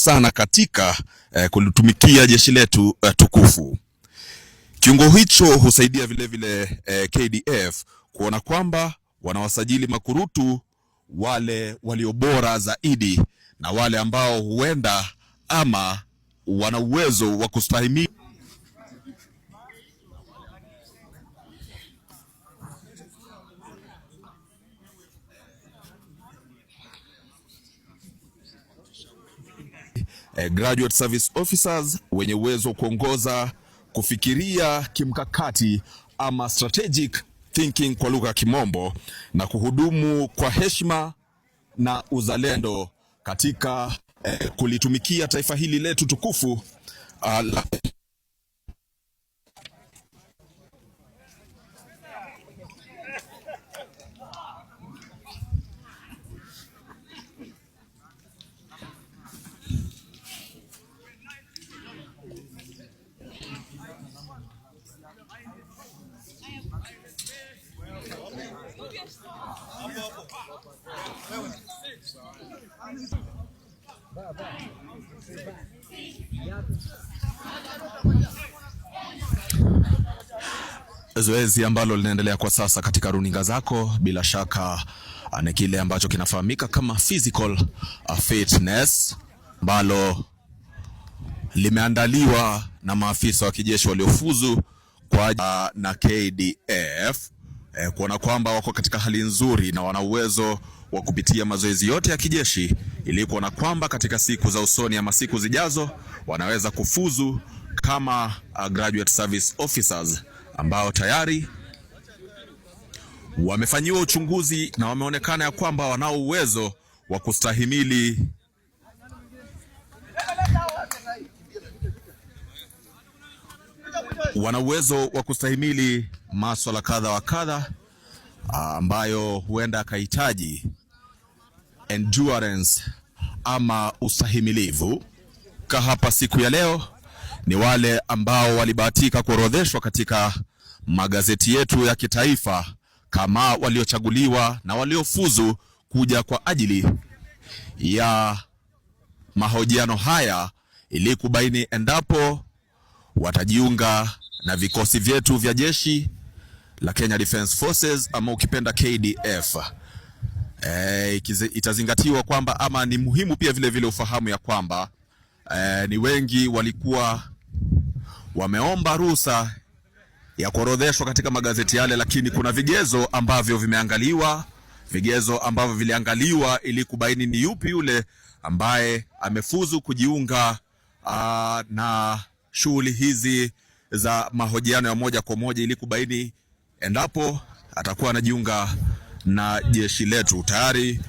sana katika eh, kulitumikia jeshi letu eh, tukufu. Kiungo hicho husaidia vilevile vile, eh, KDF kuona kwamba wanawasajili makurutu wale walio bora zaidi na wale ambao huenda ama wana uwezo wa kustahimili eh, graduate service officers wenye uwezo wa kuongoza kufikiria kimkakati ama strategic thinking kwa lugha ya Kimombo na kuhudumu kwa heshima na uzalendo katika eh, kulitumikia taifa hili letu tukufu uh, la Zoezi ambalo linaendelea kwa sasa katika runinga zako bila shaka ah, ni kile ambacho kinafahamika kama physical ah, fitness ambalo limeandaliwa na maafisa wa kijeshi waliofuzu kwa ah, na KDF eh, kuona kwamba wako katika hali nzuri na wana uwezo wa kupitia mazoezi yote ya kijeshi ili kuona kwamba katika siku za usoni ama siku zijazo wanaweza kufuzu kama uh, graduate service officers ambao tayari wamefanyiwa uchunguzi na wameonekana ya kwamba wanao uwezo wa kustahimili wana uwezo wa kustahimili maswala kadha wa kadha ah, ambayo huenda akahitaji endurance ama usahimilivu Ka hapa siku ya leo ni wale ambao walibahatika kuorodheshwa katika magazeti yetu ya kitaifa kama waliochaguliwa na waliofuzu kuja kwa ajili ya mahojiano haya ili kubaini endapo watajiunga na vikosi vyetu vya jeshi la Kenya Defence Forces ama ukipenda KDF. E, eh, itazingatiwa kwamba ama ni muhimu pia vile vile ufahamu ya kwamba e, ni wengi walikuwa wameomba ruhusa ya kuorodheshwa katika magazeti yale, lakini kuna vigezo ambavyo vimeangaliwa, vigezo ambavyo viliangaliwa ili kubaini ni yupi yule ambaye amefuzu kujiunga aa, ah, na shughuli hizi za mahojiano ya moja kwa moja ili kubaini endapo atakuwa anajiunga na jeshi letu tayari